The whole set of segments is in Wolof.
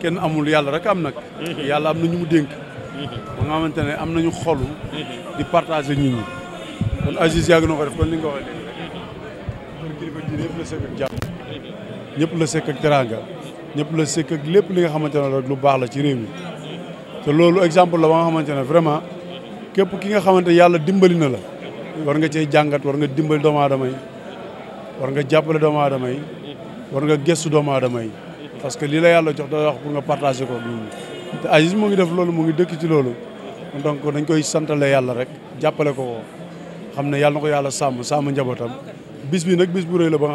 kenn amul yàlla rek am nag. yàlla am na ñu mu dénk. ba nga xamante ne am nañu xolu. di partager nit ñi. kon na ko def kon li nga ko waxee léegi la sekk ak jàmm. ñëpp la sekk ak teraanga. ñëpp la sekk ak lépp li nga xamante ne rek lu baax la ci réew mi. te loolu exemple la ba nga xamante ne vraiment képp ki nga xamante yàlla dimbali na la. war nga cee jàngat war nga dimbali doomu aadama yi war nga jàppale doomu aadama yi war nga gëstu doomu aadama yi. parce que lii la yàlla jox da wax pour nga partager ko te Aziz mu ngi def loolu mu ngi dëkk loolu donc koy santale yàlla rek jàppale ko ko xam ne yàlla na ko yàlla sàmm sàmm bi nag bis bu rëy la ba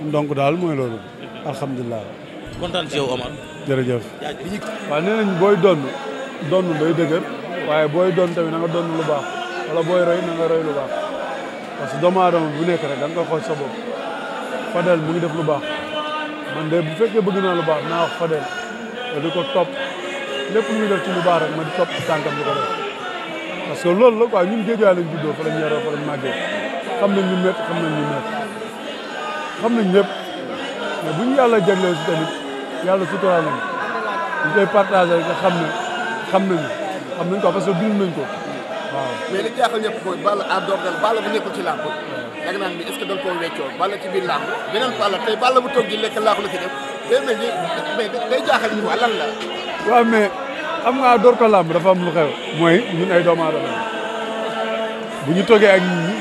euh, daal mooy loolu alhamdulilah. kontaan ci yow parce que doomu aadama bu nekk rek da nga koy xool sa Fadel mu ngi def lu baax man de bu fekkee bëgg naa lu baax naa wax Fadel te di ko topp lépp lu muy def ci lu baax rek ma di topp ci tànkam di ko def parce que loolu la quoi ñun géejawaay lañ juddoo fa lañ yaroo fa lañ màggee xam nañ ñu métti xam nañ ñu métti xam nañ ñëpp mais bu ñu yàlla jagleel si tamit yàlla suturaal nañ ñu koy partagé nga xam ne xam nañu xam nañ ko parce que dund nañ ko mais le jaaxal ñëpp mooy Balla à Dordan Balla bu nekkul ci làmb da nga naan bi est-ce que da nga koo weccoo Balla ci biir làmb beneen Balla tey Balla bu ci def day mel ni mais day jaaxal ñu waa lan la waa mais am nga door ko làmb dafa am lu xew mooy ñun ay doomu aadama bu ñu toogee ak nit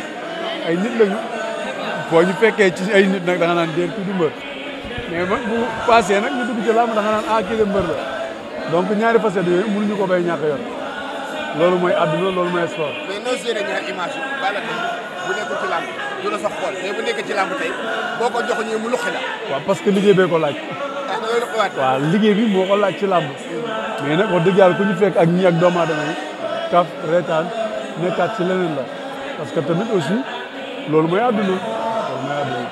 ay nit lañu boo ñu fekkee ci ay nit nag da nga naan déet kii du mbër bu passé na ñu dugg ci làmb da nga naan ah kii la donc ñaari facettes yooyu mënuñu ko bay ñàkk yoon loolu mooy àdduna loolu mooy sport. mais noo séeréer ñaari image yi Balla tey bu nekkul ci làmb du la sax xool mais bu tey boo ko joxuñee mu luxi la. waaw parce que liggéey bee ko laaj. ah da ngay bi moo ko laaj ci làmb. mais nag wax dëgg yàlla ku ñu fekk ak ñi ak doomu aadama kaf reetaan nekkaat ci leneen la parce que tamit aussi loolu mooy àdduna loolu mooy àdduna.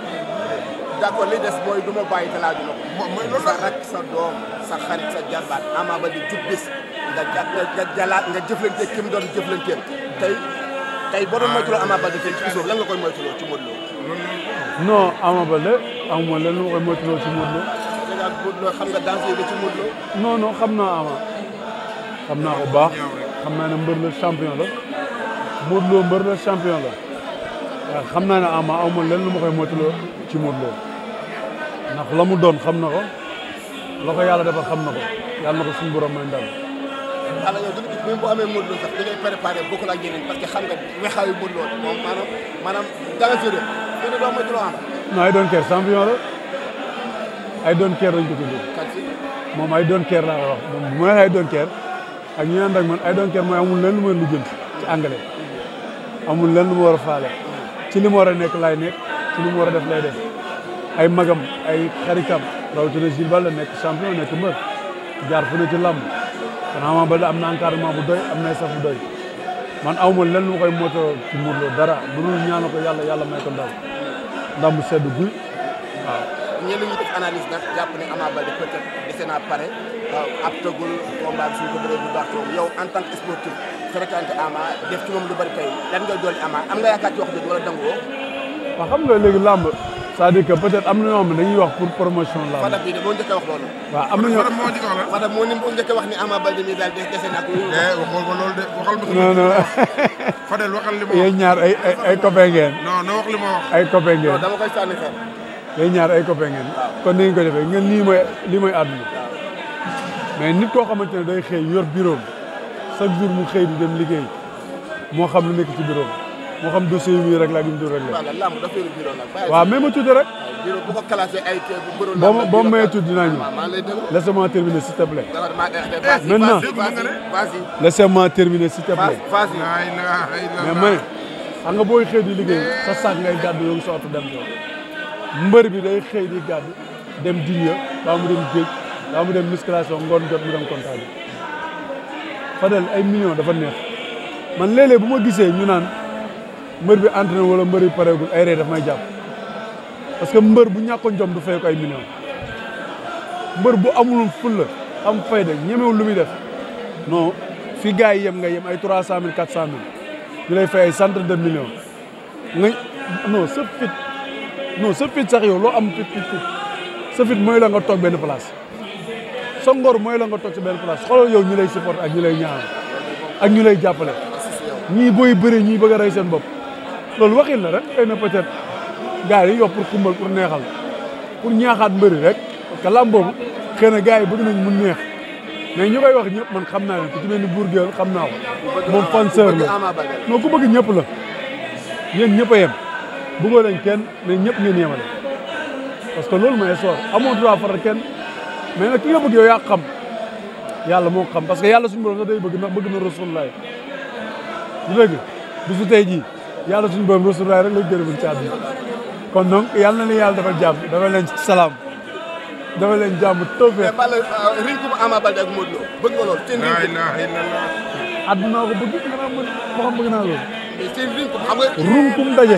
d'accord li des mooy du ma bàyyi te laaju la loolu la sa rakk sa doom sa xarit nga ja nga jalaat nga jëflante ki mu tey tey boo doon moytuloo koy moytuloo ci Modou Lo. non Ama Baldé amuma lan nga koy moytuloo ci Modou Lo. xam ci Modou Lo. non non xam naa Ama xam naa ko baax xam naa ne mbër la champion la Modou Lo mbër la xam naa ne Ama amuma lan lu ma koy moytuloo ci Modou Lo ndax la mu doon xam na ko la ko yàlla defal xam na ko yàlla na ko suñu borom may ndam. ala amee Modou Lo sax da ngay préparé bokkul ak Lo moom maanaam ay doon keer champion la ay doon keer lañ ko tudd moom ay doon keer laa wax moom bu may ay doon keer ak ñu ànd ak ay doon keer mooy amul lenn lu ma ci anglais amul lenn lu ma a faale ci li ma war a nekk laay nekk ci li ma war a def lay def ay magam ay xaritam rawatina Gilles Bal la nekk champion nekk mbër jaar fu ne ci kon Ama Baldé am na encadrement bu doy am na saf bu doy man aw ma lenn lu koy moto ci Modou Lo dara bu dul ñaanal ko yàlla yàlla may ko ndam ndam bu sedd guy waaw. ñenn ñi def analyse nag jàpp ne Ama Baldé peut-être naa pare ab tëggul combat bi suñ ko bëree bu baax loolu yow en tant que sportif fréquenté Ama def ci moom lu bari tey lan nga dolli Ama am nga yaakaar ci wax dëgg wala dangoo. waaw xam nga léegi làmb. c'est-à-dire que peut am na ñoo xam ne dañuy wax pour promotion la Fadam bi de moo wax loolu. am na ñoo Fadam moo njëkk a a wax ni daal dese na ak. Eh, waxal ko loolu de waxal ma. non ñaar ay ay ay copain ngeen. li ma ay copain ngeen. non dama ñaar ay copain ngeen. kon ko defee ngeen lii mooy lii mooy àdduna. mais nit koo xamante day yor bureau chaque jour mu xëy di dem liggéey moo xam lu nekk ci bureau moo xam dossier yu muy réglé ak yu mu dul réglé. voilà lamb dafa yor bureau nag. waaw mais ma tudd rek. boo boo mayee tudd dinaa ñëw. laissez-moi terminer s'il te plaît. maintenant laissez-moi terminer s'il te plaît. mais man nga booy xëy di liggéey sa saak ngay gàddu yow sa oto dem yow mbër bi day xëy di gàddu dem dunya baa mu dem géej baa mu dem musculation ngoon jot mu dem comptable Fadel ay million dafa neex man léeg bu ma gisee ñu naan. mbër bi entraîné wala mbër yi pareegul ay ree daf may jàpp parce que mbër bu ñàkkoon jom du fay ko ay millions mbër bu amulum fulla am fayda ñemewul lu muy def non fi gars yi yem nga yem ay trois cent mille quatre cent mille ñu lay fay ay centaine de millions nga non fit sax yow loo am fit fit fit fit mooy la nga toog benn place sa ngor mooy la nga toog si benn place xoolal yow ñu lay support ak ñu lay ñaanal ak ñu lay jàppale ñii booy bëri ñii bëgg a rey seen bopp loolu waxin la rek xëy na peut-être gars yi yokk pour xumbal pour neexal pour ñaaxaat mbëri rek parce que làmb boobu yi bëgg nañ mu neex mais ñu koy wax ñëpp man xam naa ne ku ci mel ni Bour Gueweul xam naa ko moom fanseur la non bëgg ñëpp la yéen ñëpp a yem bëggoo leen kenn ñëpp ngeen yemale parce que loolu mooy sor amoo droit faral kenn mais nag ki nga bëgg yow xam yàlla moo xam parce que yàlla suñu borom sax day bëgg ndax bëgg na rasulullah du dëgg bisu yàlla suñu borom rasulullaay rek lañ gërëmul ci àdduna kon donc yàlla na leen yàlla dafa jàmm dafa leen salaam dafa leen jàmm tawfeex. mais euh, riñ bu Ama Baldé ak Modou Lo àdduna bëgg nga naa mën moo xam bëgg naa lool. ko xam nga. runkum daje.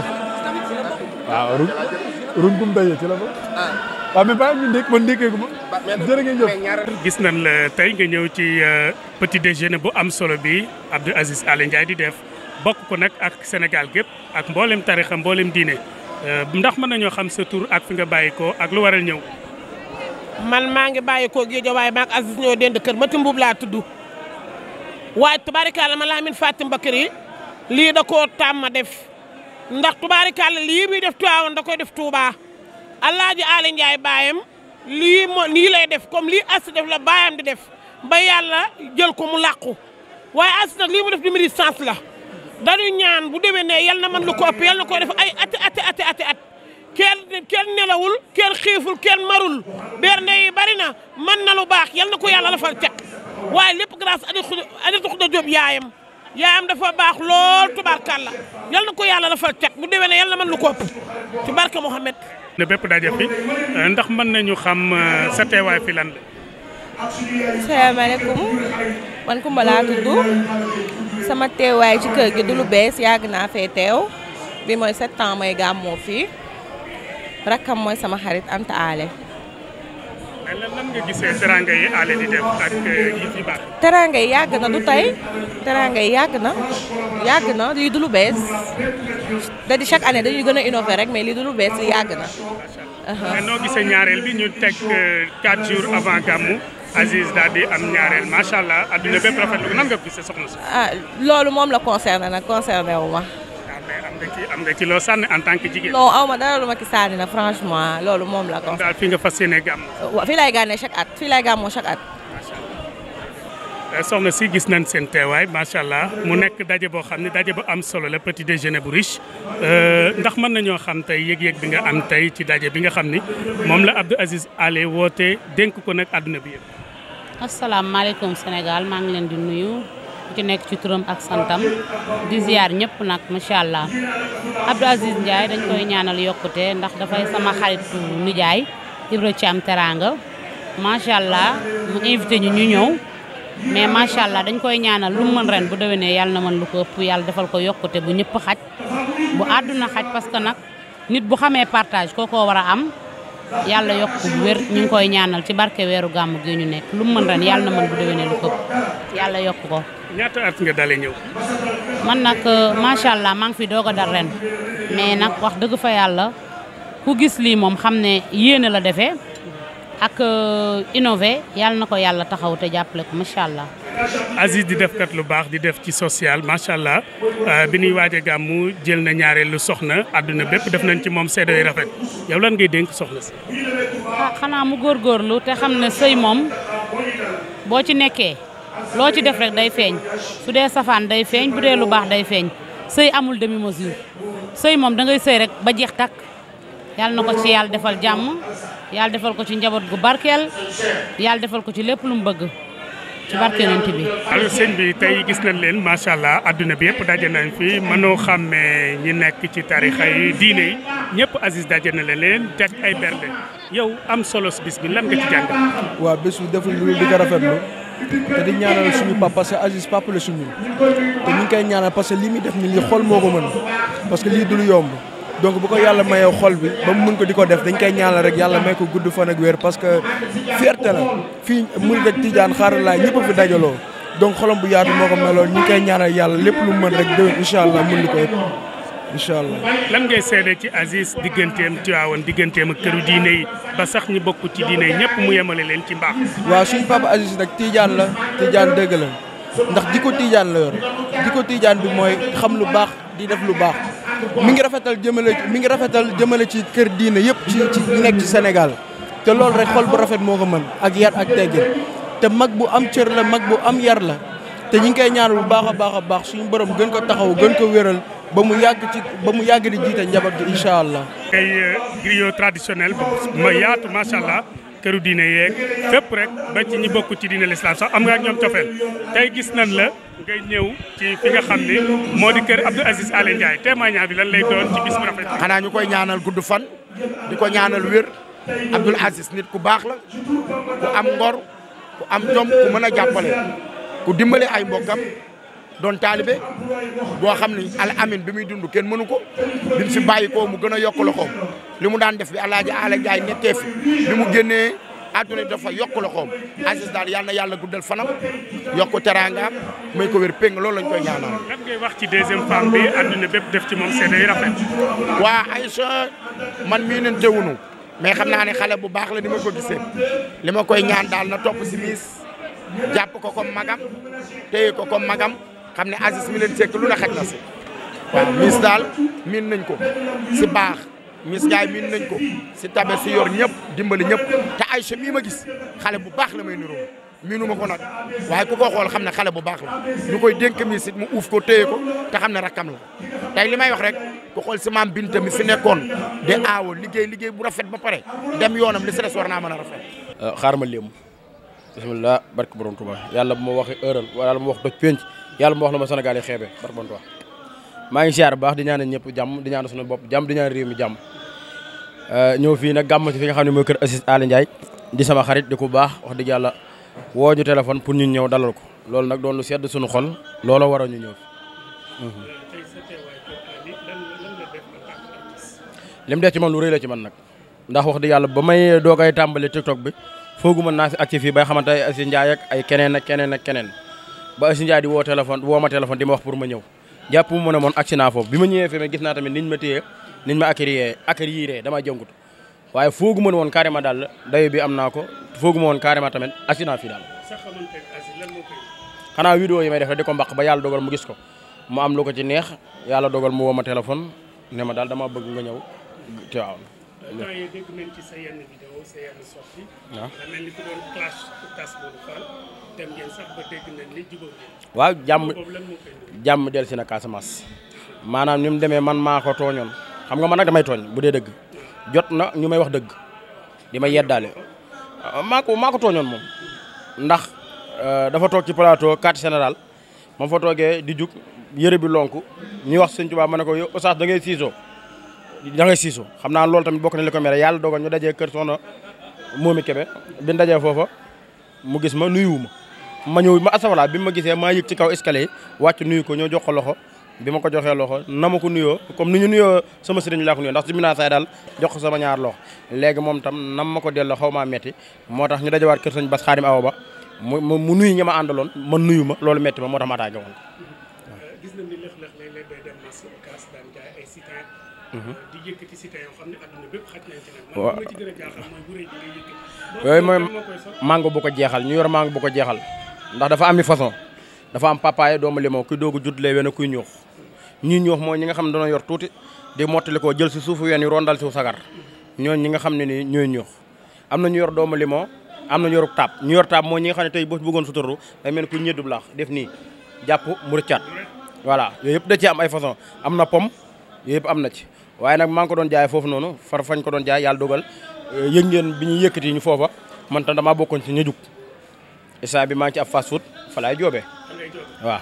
runkum daje ci la ko. Ah. waaw mais bàyyi ñu ndékk man ndékkeeku ma ngeen jëf gis nañ la tey nga ñëw ci euh, petit déjeuner bu am solo bi Abdou Aziz Aly Ndiaye di def bokk ko nag ak Sénégal gépp ak mboolem tarixa mboolem diine euh, ndax mën nañoo xam sa tur ak fi nga bàyyi ak lu waral ñëw. man maa ngi bàyyi ko Géejawaay maak Aziz ñoo dend kër Mati Mbuub laa tudd waaye tubaarikàlla ma laa laamin Fatim Bakari lii da koo tàmm def ndax tubaarikàlla lii muy def Tiwaawan da koy def Touba Alaaji Ali Ndiaye baayam lii moo nii lay def comme lii as def la baayam di def ba yàlla jël ko mu làqu waaye as nag lii mu def di mérite la. dañu ñaan bu déwénee yal na man lu ko ëpp yal na koy def ay ati ati ati at kenn kenn nelawul kenn xiiful kenn marul bernde yi bari na mën na lu baax yal na ko yàlla la fal teg waaye lépp grâce Adja Xuda Diop yaayam yaayam dafa baax lool tubaarkàlla yal na ko yàlla la fal teg bu déwénee yal na man lu ko ëpp ci barke Mouhamed. ne bépp daje fi ndax mën nañu xam euh, sa teewaay fi lan. salaamaaleykum man Koumba laa tudd. sama teewaay ci kër gi du lu bees yàgg naa fee teew bi mooy sept ans gàmmoo fii rakkam mooy sama xarit Anta Ale. lan euh, yi yàgg na du tey teranga yi yàgg na yàgg na lii du lu bees da di chaque année dañuy gën a innover rek mais lii du lu bees li yàgg na. mais noo gisee ñaareel bi ñu teg 4 euh, jours avant gàmmu. Aziz daal am ñaareel macha allah adduna bépp rafetlu ko ah, loolu moom la concerné nag concerné ma. am nga ci am nga ci loo sànni en tant que jigéen. non aw ma loolu moom la. concerné daal fi nga fas yéene gàmm. fii lay gànnee chaque at fii lay gàmmoo chaque at. Eh, soxna si gis nañ seen teewaay macha allah mu nekk daje boo xam ne daje bu am solo la petit déjeuner bu riche eh, ndax mën nañoo xam tey yëg-yëg bi nga am tey ci daje bi nga xam ni moom la Abdou Aziz Allé woote dénk ko nag àdduna bi asalaamaaleykum Sénégal maa ngi leen di nuyu ku ci nekk ci turam ak santam di ñëpp nag macha allah Abdou Aziz Ndiaye dañ koy ñaanal yokkute ndax dafay sama xarit nijaay ci am teraanga macha allah mu invité ñu ñu ñëw mais macha allah dañ koy ñaanal lu mën ren bu déwénee yàlla na man lu ko ëpp yàlla defal ko yokkute bu ñëpp xaj bu àdduna xaj parce que nag nit bu xamee partage kookoo war a am yàlla yokk wér ñu ngi koy ñaanal ci barke weeru gàmm gi ñu nekk lu mu mën ren yàlla na mën bu déwénee lu ko yàlla yokk ko. ñaata at nga dalee ñëw. man nag euh, macha allah maa ngi fi doog a dal ren mais nag wax dëgg fa yàlla ku gis lii moom xam ne yéene la defee. ak euh, innové yàlla na ko yàlla taxaw te jàppale ko macha allah. Aziz di def lu baax di def ci social macha allah euh, bi ñuy waaj a gàmmu jël na ñaareelu soxna àdduna bépp def nañ ci moom seede rafet yow lan ngay dénk soxna si. ah xanaa mu góorgóorlu te xam ne sëy moom boo ci nekkee loo ci def rek day feeñ su dee safaan day feeñ bu dee lu baax day feeñ sëy amul demi mesure sëy moom da sëy rek ba jeex takk. yàlla na ko ci yàlla defal jàmm yàlla defal ko ci njaboot gu barkeel yàlla defal ko ci lépp lu mu bëgg ci barkeelante bi. alors sëñ bi tey gis nañ leen macha allah adduna bi yëpp daje nañ fi mënoo xàmmee ñi nekk ci tarixa yi diine yi ñëpp Aziz daje na leen jag ay bernde yow am solo si bi lan nga ci jàng. waaw bés bi deful lu di ko rafetlu te di ñaanal suñu papa parce que Aziz papa la suñu te ñu ngi koy ñaanal parce que li muy def nii li xol ko mën parce que lii du lu donc bu ko yàlla mayee xol bi ba mu mën ko di ko def dañ koy ñaanal rek yàlla may ko gudd fan ak wér parce que la fii murid ak tijaan xaaral laa ñëpp fi dajaloo donc xolam bu yaatu moo ko meloon ñu koy ñaanal yàlla lépp lu mën rek déwén incha allah mën ko yëpp allah. lan ngay seede ci Aziz digganteem Tiwaawan digganteem ak këru diine yi ba sax ñu bokk ci diine yi ñëpp mu yemale leen ci mbaax. waaw suñ papa Aziz nag tijaan la tijaan dëgg la ndax di ko tijaan la di ko tiijaan bi mooy xam lu baax di def lu baax. mi ngi rafetal jëmale mi ngi rafetal jëmale ci kër diine yëpp ci ci ñu nekk ci Sénégal te loolu rek xol bu rafet moo ko mën ak yar ak teggin te mag bu am cër la mag bu am yar la te ñu ngi koy ñaan bu baax a baax a baax suñu borom gën ko taxaw gën ko wéral ba mu yàgg ci ba mu yàgg di jiite njaboot gi incha allah. kay euh, griot ma yaatu macha allah. këru diine yeeg fépp rek ba ci ñi bokk ci diine l'islam sax am nga ak ñoom cofeel tey gis nañ la. ngay ñëw ci fi nga xam ne moo di kër Abdou Aziz Aly Ndiaye témoignage bi lan lay doon ci bis bu rafet. xanaa ñu koy ñaanal gudd fan di ko ñaanal wér Abdou Aziz nit ku baax la ku am ngor ku am jom ku mën a jàppale ku dimbale ay mbokkam doon taalibe boo xam ne al amin bi muy dund kenn mënu ko bi mu si bàyyi ko mu gën a yokk loxoom li mu daan def bi El Hadj Aly Ndiaye nekkee mu génnee. adduna dafa yokk loxoom Aziz daal yal na yàlla guddal fanam yokk teraangaam may ko wér péng loolu lañ koy ñaanal. lan ngay wax ci deuxième femme bi adduna bépp def ci moom seen ay rafet. waa Aïcha man mii leen teewunu mais xam na ne xale bu baax la ni ma ko gisee li ma koy ñaan daal na topp si miis jàpp ko comme magam téye ko comme magam xam ne Aziz mi leen sekk lu na xet na si miis daal miin nañ ko si baax. mis Ndiaye miin nañ ko si tabe si yor ñëpp dimbali ñëpp ay Aïcha mii ma gis xale bu baax la may niroo miinu ma ko nag waaye ku ko xool xam ne xale bu baax la ñu koy dénk mi sit mu uuf ko téye ko te xam ne rakkam la tey li may wax rek ku xool si maam Binta mi fi nekkoon di aawo liggéey liggéey bu rafet ba pare dem yoonam li si des war naa mën a rafet. Euh, xaaral ma léem bisimilah barke borom Tuubaa yàlla bu ma waxee heure yàlla bu ma wax doj penc yàlla bu ma wax ma Sénégal yi xeebe barke borom maa ngi siyaar baax di ñaan ñaanal ñëpp jàmm di ñaanal suñu bopp jàmm di ñaan réew mi jàmm euh, ñëw fii nag gàmm si fi nga xam ne mooy kër Aziz Aly Ndiaye di sama xarit di ku baax wax dëgg yàlla woo ñu téléphone pour ñu ñëw dalal ko loolu nag doon lu sedd suñu xol looloo waral ñu ñëw li mu def ci man lu rëy la ci man nag ndax wax dëgg yàlla ba may doogay tàmbali TikTok bi foogu mën naa si ak ci fii bay xamante ay Aziz Ndiaye ay keneen ak keneen ak keneen ba Aziz Ndiaye di woo téléphone woo ma téléphone di ma pour ma ñëw jàpp mu ne moon agsi naa foofu bi ma ñëwee fi ma gis naa tamit niñ ma téye niñ ma accueillir accueillir dama jëngut waaye foogu mën woon carrément daal dayo bi am naa ko foogu ma woon carrément tamit agsi naa fii daal xanaa vidéo yi may def di ko mbaq ba yàlla dogal mu gis ko mu am lu ko ci neex yàlla dogal mu woo ma téléphone ne ma daal dama bëgg nga ñëw Tiwaawan temps waaw da mel ni jàmm jàmm dellu si na Casamance. maanaam ni mu demee man maako ko tooñoon xam nga ma nag damay tooñ bu dee dëgg. jot na ñu may wax dëgg di ma yeddaale ah, maa ko maa ko tooñoon moom ndax euh, dafa toog ci plateau quartier général ma fa toogee di jug yëre bi lonku ñuy wax Sëñ Tuubaa ma ne ko yow Oustaz da siisoo. da ngay siisu xam naa loolu tamit bokk na li ko mere yàlla dogal ñu dajee kër soxna Momi Kebe bi dajee foofa mu gis ma nuyu ma ma ñëw ma asawala bi ma gisee maa yëg ci kaw escalier yi wàcc nuyu ko ñoo jox ko loxo bi ma ko joxee loxo na ma ko nuyoo comme ni ñu nuyoo sama sëriñ laa ko nuyoo ndax si mina say daal jox ko sama ñaar loxo léegi moom tam nam ma ko delloo xaw maa metti moo tax ñu dajawaat kër sëñ Bas Xaadim Awa ba mu mu nuyu ñi ma àndaloon man nuyu ma loolu metti ma moo tax ma attaqué woon di yëkkati cité waaw li ma ci a bu ko jeexal ñu yor mango bu ko jeexal ndax dafa am i façon dafa am papaaye doomu limon kuy doog a judd lay wen kuy ñuux ñuy ñuux mooy ñi nga xam ne dañoo yor tuuti di mottali koo jël si suufu ween yi rondal si sagar ñooñ ñi nga xam ne ni ñooy ñuux am na ñu yor doomu limon am na ñu yor taab ñu yor taab mooy ñi nga xam ne tey boo bëggoon suturu day mel ku ñeddu laax def nii jàpp mu rëccaat voilà yooyu yëpp da ci am ay façon am na pomme yooyu yëpp am na ci waaye nag maa ngi ko doon jaay foofu noonu far fañ ko doon jaay yàlla dogal eh, yëg ngeen bi ñuy yëkkati ñu foofa man tam damaa bokkoon ci ñu jug isa bi maa ngi ci ab fast food fa laay joobee waaw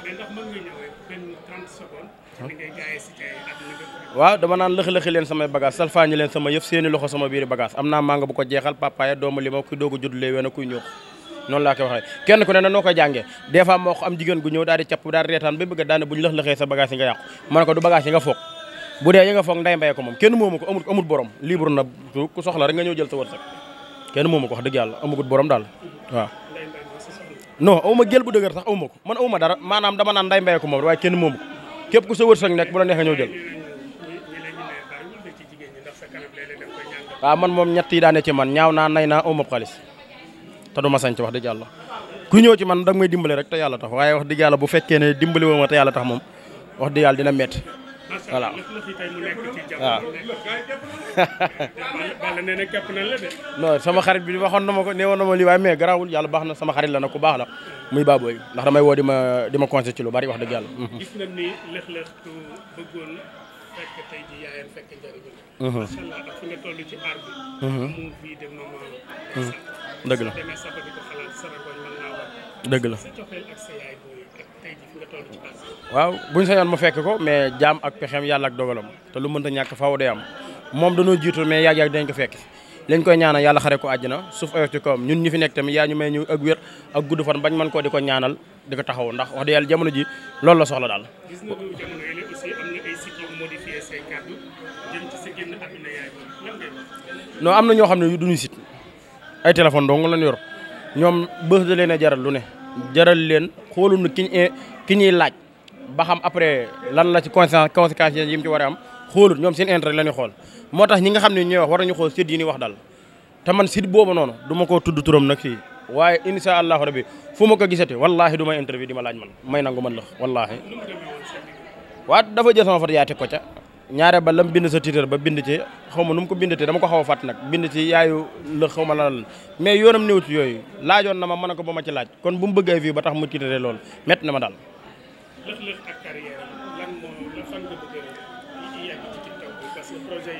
waaw dama naan lëxi-lëxi leen samay bagage salfaañi leen sama yëf seeni loxo sama biiri bagage am naa manga bu ko jeexal papaaya doomu lima kuy doog a juddulee ween a noonu laa koy waxee kenn ku ne na noo koy jàngee des am jigéen gu ñëw daal di capp daal di reetaan ba bëgg daane ne ko du bagage nga foog bu dee ya nga foog nday mbay ko moom kenn moomu ko amul amul borom libre na ku soxla rek nga ñëw jël sa wërsëg kenn moomu ko wax dëgg yàlla amagut borom daal waaw non awuma gel bu dëgër sax awuma ko man awuma dara maanaam dama naan nday mbay ko moom kenn moomu képp ku sa wërsëg nekk bu la neex nga ñëw jël man moom ñetti yi daane man ñaaw naa nay naa awma xaalis te du ma sañ ci wax dëgg yàlla ku ñëw ci man da nga may dimbale rek te yàlla tax waaye wax dëgg yàlla bu fekkee ne dimbali woo ma te yàlla tax moom wax dëgg yàlla dina metti voilà sama xarit bi waxoon na ma ko neewoon lii waaye mais garaawul yàlla baax na sama xarit la nag ku baax la muy baabooy ndax damay woo di ma di ci lu bari wax dëgg yàlla. gis mhm. mhm. mhm. dëgg la dëgg la. waaw buñ sañoon mu fekk ko mais jaam ak pexeem yàlla ak dogalam te lu mënta ñàkk faaw day am moom dañoo jiitu mais yàgg yàgg dañ ko fekk lañ koy ñaanal yàlla xare ko àjjana suuf ayof ci kawam ñun ñu fi nekk tamit yaa ñu may ñu ak wér ak gudd fan bañ mën koo ko ñaanal di taxaw ndax yàlla jamono ji loolu la soxla daal. gis nañu am na ñoo xam ne duñu site ay téléphone dong lañ yor ñoom bës da leen lu ne jaral leen xooluñu ki ki ñuy laaj ba xam après lan la ci conséquence conséquences yi mu ci war am xoolut ñoom seen intérêt la ñu xool moo tax ñi nga xam ne ñooy wax war nañu xool site yi ñuy wax daal te man site boobu noonu du ma koo tudd turam nag fii waaye insha allahu rabbi fu ma ko gisati wallaahi du may interview di ma laaj man may nangu man la wallaahi waa dafa jël sama foto yaa teg ko ca ñaare ba lam bind sa titre ba bind ci xaw ma nu mu ko bindatee dama ko xaw a fàtt nag bind ci yaayu la ma lan mais yoonam néew ci yooyu laajoon na ma mën a ko ba ma ci kon bu mu bëgg ay vie ba tax lëx-lëx ak carrière la fan ci TikTok bi parce que projet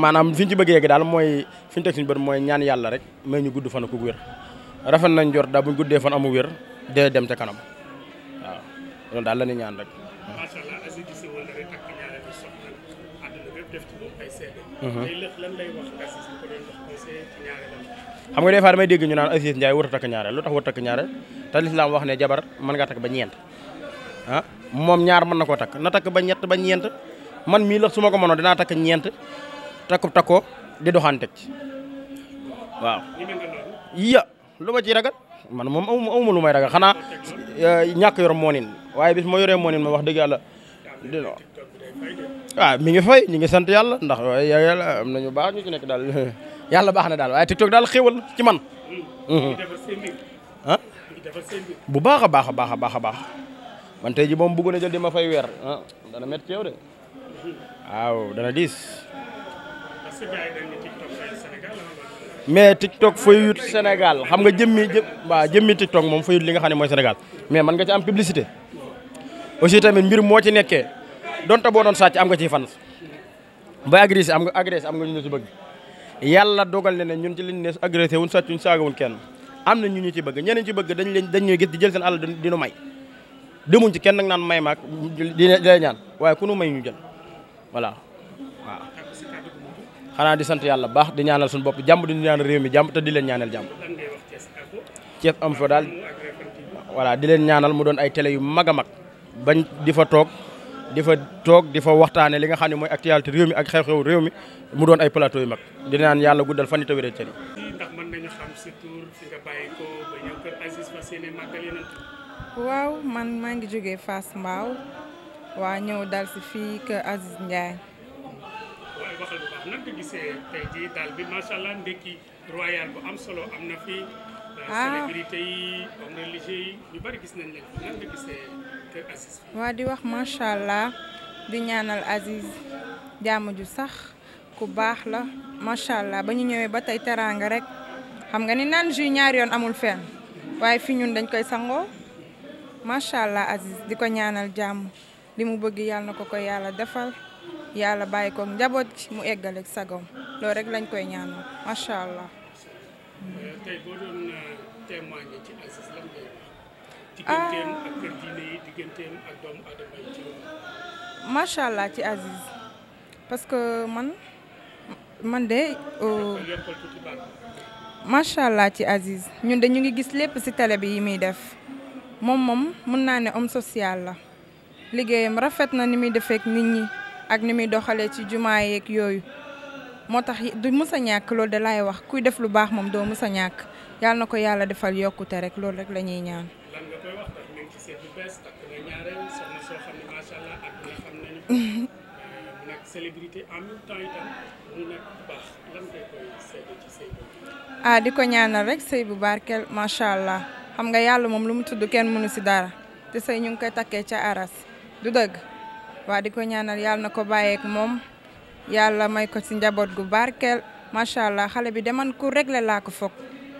maanaam fi ci bëgg yegg mooy fi ñu teg suñu mooy ñaan yàlla rek may ñu gudd fan ak rafet nañ jor daal bu ñu guddee fan amu wér dee dem ca kanam waaw loolu daal la ñaan rek. Mhm. xam nga des fois damay dégg ñu naan Aziz Ndiaye warut takk ñaareel lu tax warut a takk ñaareel te lislaam wax ne jabar mën ngaa takk ba ñeent ah, moom ñaar mën na koo takk na takk ba ñett ba ñeent man mii lax su ma ko mënoon dinaa takk ñeent takku takkoo di doxaan teg ci waaw. ya lu ma ciy ragal man moom amu lu may ragal xanaa eh, ñàkk yor moonin waaye bis ma yoree moonin ma wax dëgg yàlla. waaw ah, mi ngi fay ñu ngi sant yàlla ndax waaye yàlla am nañu baax ñu ci nekk daal yàlla baax na daal waaye TikTok daal xéwal ci man. Mm-hmm. Mm-hmm. ah bu baax a baax a baax a baax a baax man tey ji moom bëggoon a jël di ma fay weer ah dana métti ci yow de waaw dana diis. mais TikTok fayut Sénégal xam nga jëmmi jë waaw jëmmi TikTok moom fayut li nga xam ne mooy Sénégal mais man nga ci am publicité aussi tamit mbir moo ci nekke donte boo doon sàcc am nga ciy fana ba agressé am nga agressé am nga ñu ne si bëgg yàlla dogal ne ne ñun ci liñ ne agressé wuñ sàccuñ saagawuñ kenn am na ñu ñu ci bëgg ñeneen ci bëgg dañ leen dañ ñuy gis di jël seen àll di nu may demuñ ci kenn nag naan may maak di lay ñaan waaye ku nu may ñu jël voilà xanaa di sant yàlla baax di suñu bopp jàmm di ñaanal réew mi jàmm di leen ñaanal jàmm Cees am fa daal voilà di leen ñaanal mu doon ay télé yu mag a mag bañ di fa toog di fa toog di fa waxtaane li nga xam ne mooy actualité réew mi ak xew-xew réew mi mu doon ay plateau yu mag di naan yàlla guddal fan yi tawéree cër yi ndax mën nañu waaw man maa ngi jóge Fass Mbao waa ñëw dal si daal bi macha allah ndekki royal célébrité ah. yi waa di wax macha allah di ñaanal Aziz jàmm ju sax ku baax la macha allah ba ñu ñëwee ba tey teraanga rek xam nga ni naan ju ñaari yoon amul fenn waaye fi ñun dañ koy sangoo macha allah Aziz di ko ñaanal jàmm li mu bëgg yàlla na ko ko yàlla defal yàlla bàyyi ko njaboot mu eggaleeg sagoom loolu rek lañ koy ñaanal macha allah. Euh, tey euh, euh. allah ci Aziz parce que man man de. macha allah ci Aziz ñun de ñu ngi gis lépp ci tele bi yi muy def moom moom mun naa ne homme social la liggéeyam rafet na ni muy defeek nit ñi ak ni muy doxalee ci jumaa yeeg yooyu. moo tax du mës ñàkk loolu de laay wax kuy def lu baax moom doo mës ñàkk yàlla na ko yàlla defal yokkute rek loolu rek la ñuy ñaan. lan euh, ah di ko ñaanal rek sëy bu barkeel macha allah xam nga yàlla moom lu mu tudd kenn mënu si dara te sëy ñu ngi koy takkee ca aras du dëgg waa di ko ñaanal yàlla na ko bàyyeek moom. yàlla may ko si njaboot gu barkeel macha allah xale bi deman ku régler laa ko foog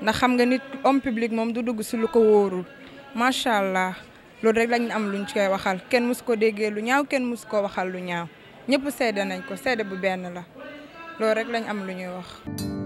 ndax xam nga nit homme public moom du dugg si lu ko wóorul macha allah loolu rek lañ am luñ ci koy waxal kenn mus ko déggee lu ñaaw kenn mus ko waxal lu ñaaw ñëpp seede nañ ko seede bu benn la loolu rek lañ am lu ñuy wax.